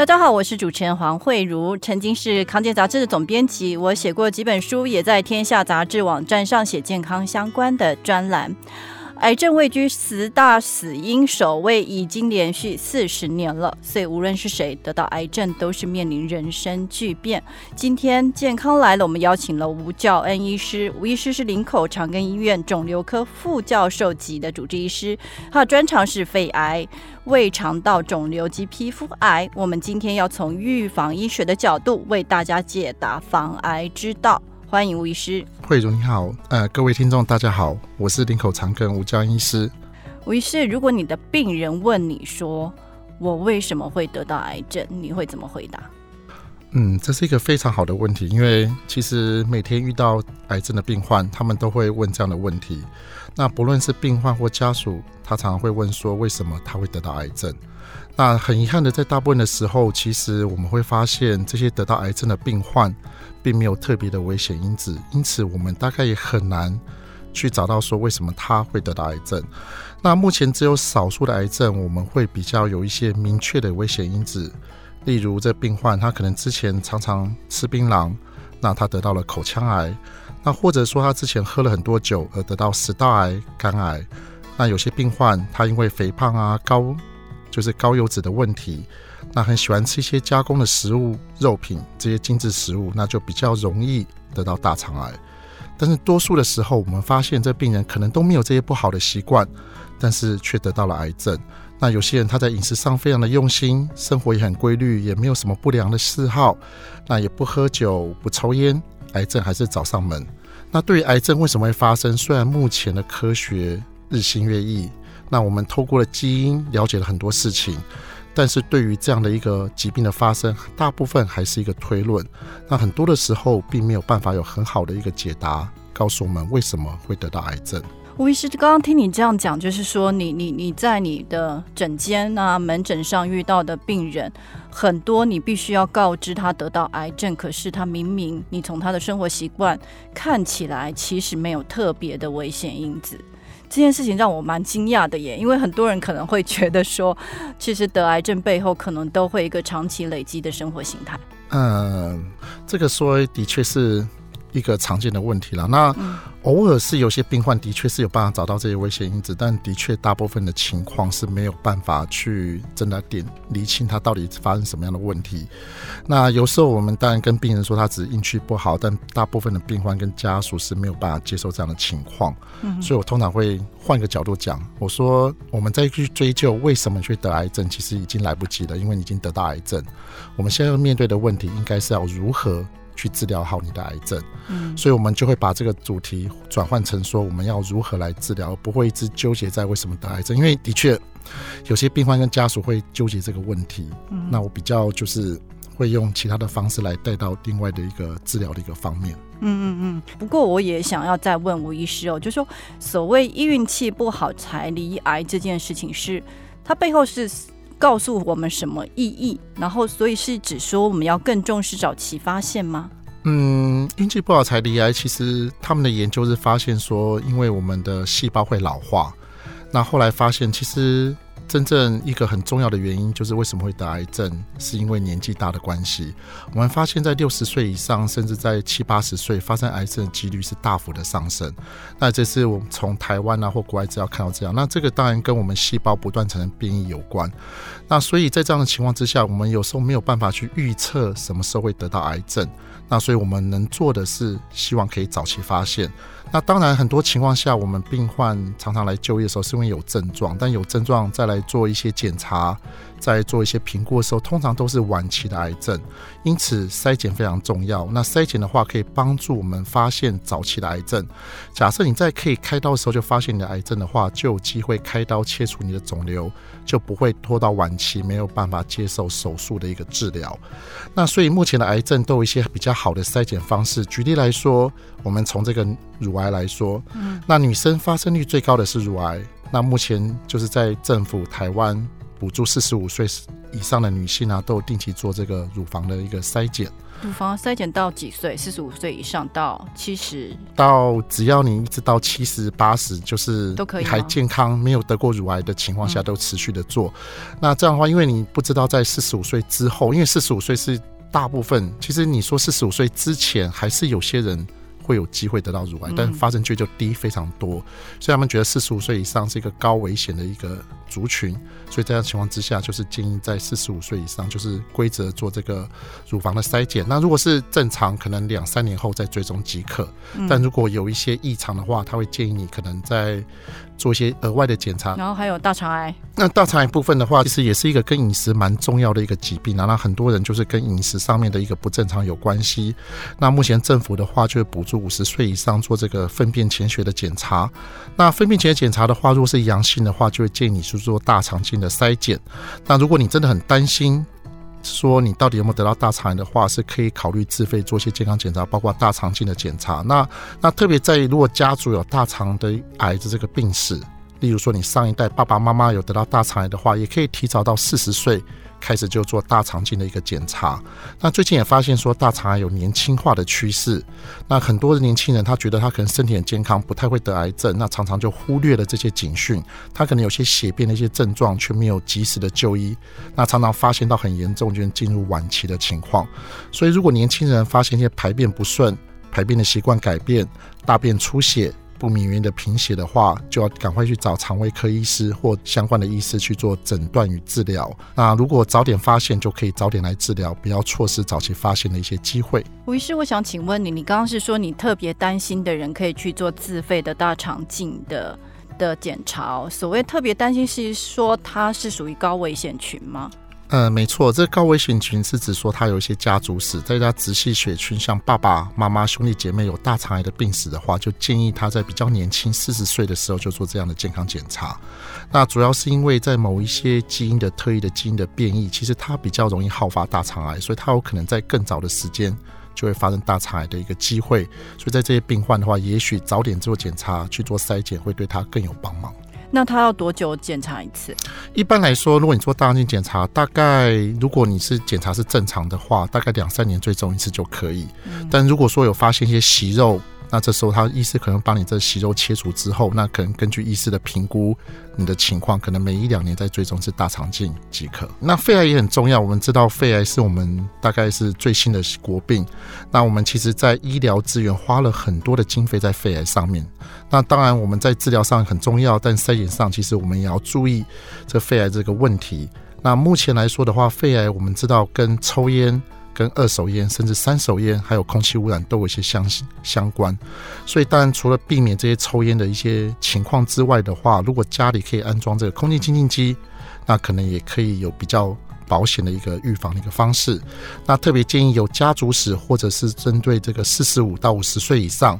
大家好，我是主持人黃惠如，曾經是《康健》雜誌的總編輯，我寫過幾本書，也在《天下》雜誌網站上寫健康相關的專欄。癌症位居十大死因首位，已經連續四十年了。所以，無論是誰得到癌症，都是面臨人生巨變。今天健康來了，我們邀請了吳教恩醫師。吳醫師是林口長庚醫院腫瘤科副教授級的主治醫師，他專長是肺癌、胃腸道腫瘤及皮膚癌。我們今天要從預防醫學的角度為大家解答防癌之道。歡迎吳醫師。惠如，你好，呃，各位聽眾大家好，我是林口長庚吳教恩醫師。吳醫師，如果你的病人問你說，我為什麼會得到癌症，你會怎麼回答？嗯，這是一個非常好的問題，因為其實每天遇到癌症的病患，他們都會問這樣的問題。那不論是病患或家屬，他常常會問說，為什麼他會得到癌症？那很遺憾的，在大部分的時候，其實我們會發現，這些得到癌症的病患，並沒有特別的危險因子，因此我們大概也很難去找到說為什麼他會得到癌症。那目前只有少數的癌症，我們會比較有一些明確的危險因子，例如這病患他可能之前常常吃檳榔。那他得到了口腔癌，那或者說他之前喝了很多酒而得到食道癌、肝癌。那有些病患他因為肥胖啊、高就是高油脂的問題，那很喜歡吃一些加工的食物、肉品這些精致食物，那就比較容易得到大腸癌。但是多數的時候，我們發現這病人可能都沒有這些不好的習慣，但是卻得到了癌症。那有些人他在飲食上非常的用心，生活也很規律，也沒有什麼不良的嗜好，那也不喝酒不抽菸，癌症還是找上門。那對於癌症為什麼會發生，雖然目前的科學日新月異，那我們透過了基因了解了很多事情，但是對於這樣的一個疾病的發生，大部分還是一個推論。那很多的時候並沒有辦法有很好的一個解答，告訴我們為什麼會得到癌症。吳醫師，剛剛聽你這樣講，就是說你你你在你的診間啊門診上遇到的病人很多，你必須要告知他得到癌症，可是他明明你從他的生活習慣看起來，其實沒有特別的危險因子。這件事情讓我蠻驚訝的耶，因為很多人可能會覺得說，其實得癌症背後可能都會一個長期累積的生活形態。嗯，這個說的確是一個常見的問題了。那偶爾是有些病患的確是有辦法找到這些危險因子，但的確大部分的情況是沒有辦法去真的點理清他到底發生什麼樣的問題。那有時候我們當然跟病人說他只是運氣不好，但大部分的病患跟家屬是沒有辦法接受這樣的情況。嗯、哼所以我通常會換個角度講，我說我們再去追究為什麼去得癌症，其實已經來不及了，因為你已經得到癌症。我們現在要面對的問題應該是要如何。去治療好你的癌症，嗯，所以我們就會把這個主題轉換成說，我們要如何來治療，不會一直糾結在為什麼得癌症，因為的確有些病患跟家屬會糾結這個問題。嗯，那我比較就是會用其他的方式來帶到另外的一個治療的一個方面。嗯嗯嗯。不過我也想要再問吳醫師哦，就說所謂運氣不好才罹癌這件事情是，是它背後是？告訴我們什麼意義？然後，所以是指說我們要更重視早期發現嗎？嗯，運氣不好才得癌。其實他們的研究是發現說，因為我們的細胞會老化，那後來發現其實。真正一個很重要的原因，就是為什麼會得癌症，是因為年紀大的關係。我們發現在六十歲以上，甚至在七八十歲，發生癌症的幾率是大幅的上升。那這是我們從台灣啊或國外資料看到這樣。那這個當然跟我們細胞不斷產生變異有關。那所以在這樣的情況之下，我們有時候沒有辦法去預測什麼時候會得到癌症。那所以我們能做的是，希望可以早期發現。那當然，很多情況下，我們病患常常來就醫的時候，是因為有症狀，但有症狀再來做一些檢查。在做一些評估的時候，通常都是晚期的癌症，因此篩檢非常重要。那篩檢的話，可以幫助我們發現早期的癌症。假設你在可以開刀的時候就發現你的癌症的話，就有機會開刀切除你的腫瘤，就不會拖到晚期沒有辦法接受手術的一個治療。那所以目前的癌症都有一些比較好的篩檢方式。舉例來說，我們從這個乳癌來說，嗯、那女生發生率最高的是乳癌。那目前就是在政府台灣。補助四十五歲以上的女性呢、啊，都有定期做這個乳房的一個篩檢。乳房篩檢到幾歲？四十五歲以上到七十。到只要你一直到七十八十，就是都可以還健康，沒有得過乳癌的情況下，都,都持續的做。那這樣的話，因為你不知道在四十五歲之後，因為四十五歲是大部分。其實你說四十五歲之前，還是有些人。會有機會得到乳癌，但是發生率就低非常多，所以他們覺得四十五歲以上是一個高危險的一個族群，所以在這樣情況之下，就是建議在四十五歲以上就是規則做這個乳房的篩檢。那如果是正常，可能兩三年後再追蹤即可；但如果有一些異常的話，他會建議你可能再做一些額外的檢查。然後還有大腸癌，那大腸癌部分的話，其實也是一個跟飲食蠻重要的一個疾病啊。那很多人就是跟飲食上面的一個不正常有關係。那目前政府的話就是補助。五十歲以上做這個糞便潛血的檢查，那糞便潛血檢查的話，如果是陽性的話，就會建議你去做大腸鏡的篩檢。那如果你真的很擔心，說你到底有沒有得到大腸癌的話，是可以考慮自費做一些健康檢查，包括大腸鏡的檢查。那那特別在於，如果家族有大腸的癌的這個病史，例如說你上一代爸爸媽媽有得到大腸癌的話，也可以提早到四十歲開始就做大腸鏡的一個檢查，那最近也發現說大腸癌有年輕化的趨勢。那很多的年輕人他覺得他可能身體很健康，不太會得癌症，那常常就忽略了這些警訊。他可能有些血便的一些症狀，卻沒有及時的就醫，那常常發現到很嚴重，就是進入晚期的情況。所以如果年輕人發現一些排便不順、排便的習慣改變、大便出血，不明原因的貧血的話，就要趕快去找腸胃科醫師或相關的醫師去做診斷與治療。那如果早點發現，就可以早點來治療，不要錯失早期發現的一些機會。吳醫師，我想請問你，你剛剛是說你特別擔心的人可以去做自費的大腸鏡的的檢查？所謂特別擔心，是說他是屬於高危險群嗎？呃，沒錯，這高危險群是指說他有一些家族史，在他直系血親，像爸爸媽媽、兄弟姐妹有大腸癌的病史的話，就建議他在比較年輕，四十歲的時候就做這樣的健康檢查。那主要是因為在某一些基因的特異的基因的變異，其實他比較容易好發大腸癌，所以他有可能在更早的時間就會發生大腸癌的一個機會。所以在這些病患的話，也許早點做檢查去做篩檢，會對他更有幫忙。那他要多久檢查一次？一般來說，如果你做大腸鏡檢查，大概如果你是檢查是正常的話，大概兩三年追蹤一次就可以。嗯。但如果說有發現一些息肉，那這時候，他醫師可能把你這息肉切除之後，那可能根據醫師的評估，你的情況可能每一兩年再追蹤一次大腸鏡即可。那肺癌也很重要，我們知道肺癌是我們大概是最新的國病。那我們其實，在醫療資源花了很多的經費在肺癌上面。那當然，我們在治療上很重要，但篩檢上其實我們也要注意這肺癌這個問題。那目前來說的話，肺癌我們知道跟抽煙。跟二手菸甚至三手菸，還有空氣污染都有一些相相關，所以當然除了避免這些抽菸的一些情況之外的話，如果家裡可以安裝這個空氣清淨機，那可能也可以有比較保險的一個預防的一個方式。那特別建議有家族史或者是針對這個四十五到五十歲以上，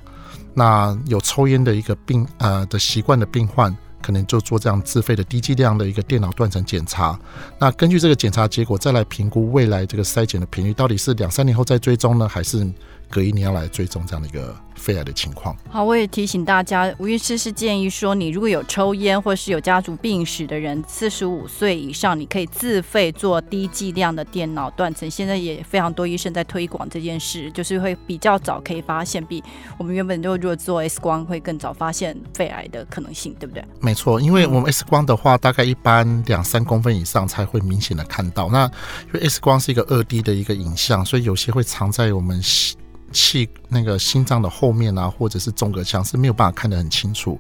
那有抽菸的一個病呃的習慣的病患。可能就做這樣自費的低劑量的一個電腦斷層檢查，那根據這個檢查結果再來評估未來這個篩檢的頻率，到底是兩三年後再追蹤呢，還是？隔一年要來追蹤這樣的一個肺癌的情況。好，我也提醒大家，吳醫師是建議說，你如果有抽菸或是有家族病史的人，四十五歲以上，你可以自費做低劑量的電腦斷層。現在也非常多醫生在推廣這件事，就是會比較早可以發現比我們原本就如果做 X 光會更早發現肺癌的可能性，對不對？沒錯，因為我們 X 光的話，嗯、大概一般兩三公分以上才會明顯的看到。那因為 X 光是一個二 D 的一個影像，所以有些會藏在我們。氣那個心臟的後面啊，或者是縱隔腔，是沒有辦法看得很清楚。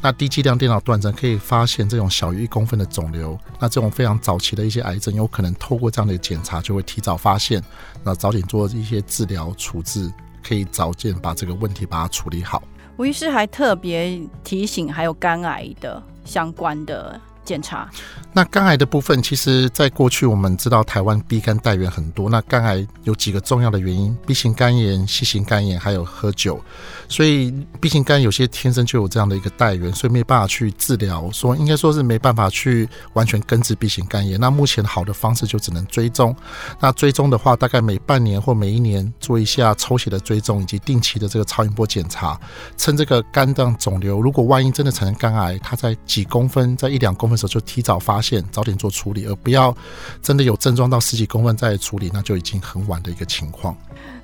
那低劑量電腦斷層可以發現這種小於一公分的腫瘤。那這種非常早期的一些癌症，有可能透過這樣的檢查就會提早發現，那早點做一些治療處置，可以早點把這個問題把它處理好。吳醫師還特別提醒，還有肝癌的相關的。檢查。那肝癌的部分，其實在過去我們知道台灣 B 肝帶原很多，那肝癌有幾個重要的原因：B 型肝炎、C 型肝炎，還有喝酒。所以，B 型肝有些天生就有這樣的一個帶原，所以沒辦法去治療。說應該說是沒辦法去完全根治 B 型肝炎。那目前好的方式就只能追蹤。那追蹤的話，大概每半年或每一年做一下抽血的追蹤，以及定期的這個超音波檢查。趁這個肝臟腫瘤，如果萬一真的產生肝癌，它在幾公分，在一兩公分。時候就提早發現，早點做處理，而不要真的有症狀到十幾公分再處理，那就已經很晚的一個情況。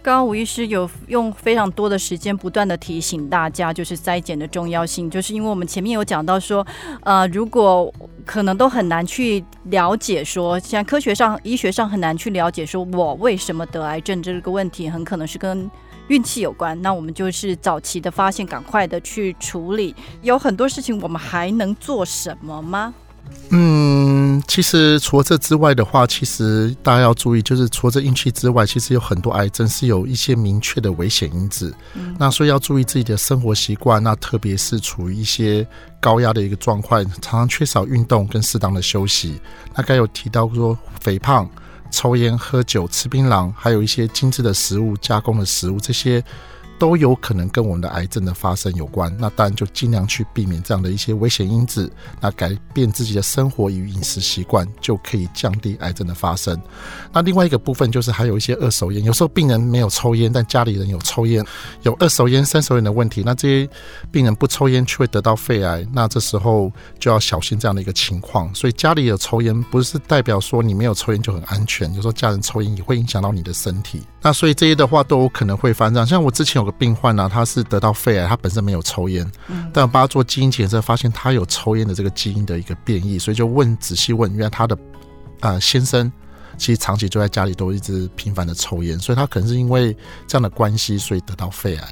剛剛吳醫師有用非常多的時間不斷的提醒大家，就是篩檢的重要性，就是因為我們前面有講到說，呃，如果可能都很難去了解說，說像科學上、醫學上很難去了解，說我為什麼得癌症這個問題，很可能是跟運氣有關。那我們就是早期的發現，趕快的去處理。有很多事情，我們還能做什麼嗎？嗯，其實除了這之外的話，其實大家要注意，就是除了這運氣之外，其實有很多癌症是有一些明確的危險因子。嗯。那所以要注意自己的生活習慣，那特別是處於一些高壓的一個狀況，常常缺少運動跟適當的休息。那剛有提到說肥胖、抽菸、喝酒、吃檳榔，還有一些精致的食物、加工的食物這些。都有可能跟我們的癌症的發生有關，那當然就儘量去避免這樣的一些危險因子，那改變自己的生活與飲食習慣就可以降低癌症的發生。那另外一個部分就是還有一些二手菸，有時候病人沒有抽菸，但家裡人有抽菸，有二手菸、三手菸的問題，那這些病人不抽菸卻會得到肺癌，那這時候就要小心這樣的一個情況。所以家裡有抽菸不是代表說你沒有抽菸就很安全，有時候家人抽菸也會影響到你的身體。那所以這些的話都有可能會發生。像我之前有個病患呢、啊，他是得到肺癌，他本身沒有抽煙，嗯、但我幫他做基因檢測，發現他有抽煙的這個基因的一個變異，所以就問仔細問，原來他的啊、呃、先生其實長期坐在家裡都一直頻繁的抽煙，所以他可能是因為這樣的關係，所以得到肺癌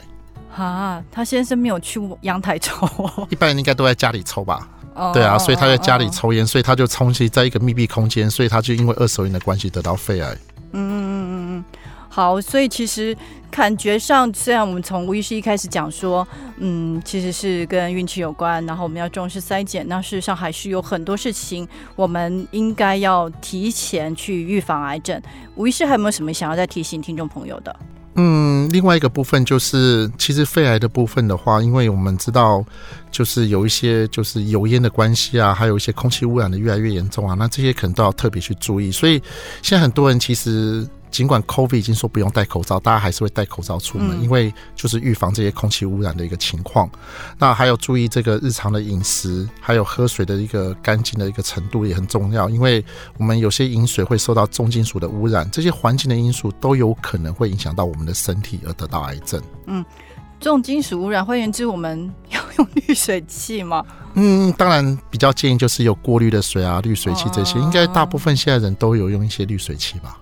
哈、啊，他先生沒有去陽台抽，一般人應該都在家裡抽吧？哦、對啊，所以他在家裡抽煙，哦、所以他就充斥在一個密閉空間，所以他就因為二手煙的關係得到肺癌。嗯嗯嗯嗯嗯，好，所以其實。感覺上，雖然我們從吳醫師一開始講說，嗯，其實是跟運氣有關，然後我們要重視篩檢，那事實上還是有很多事情，我們應該要提前去預防癌症。吳醫師還有沒有什麼想要再提醒聽眾朋友的？嗯，另外一個部分就是，其實肺癌的部分的話，因為我們知道，就是有一些就是油煙的關係啊，還有一些空氣汙染的越來越嚴重啊，那這些可能都要特別去注意。所以現在很多人其實。儘管 COVID 已經說不用戴口罩，大家還是會戴口罩出門，嗯、因為就是預防這些空氣污染的一個情況。那還有注意這個日常的飲食，還有喝水的一個乾淨的一個程度也很重要，因為我們有些飲水會受到重金屬的污染，這些環境的因素都有可能會影響到我們的身體而得到癌症。嗯，重金屬污染換言之，我們要用濾水器嗎？嗯，當然，比較建議就是有過濾的水啊，濾水器這些，啊、應該大部分現在人都有用一些濾水器吧。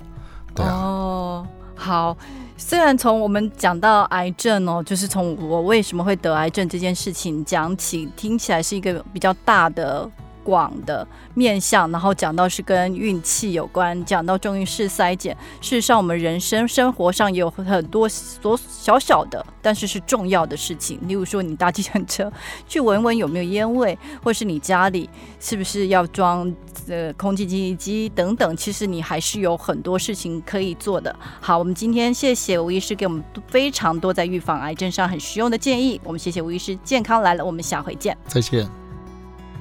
啊、哦，好。雖然從我們講到癌症哦，就是從我為什麼會得癌症這件事情講起，聽起來是一個比較大的。廣的面向，然後講到是跟運氣有關，講到中醫是篩檢。事實上，我們人生生活上也有很多所小小的，但是是重要的事情。例如說，你搭計程車去聞聞有沒有煙味，或是你家裡是不是要裝呃空氣淨化機等等。其實你還是有很多事情可以做的。好，我們今天謝謝吳醫師給我們非常多在預防癌症上很實用的建議。我們謝謝吳醫師，健康來了，我們下回見。再見。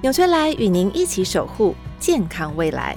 紐崔萊與您一起守護健康未來。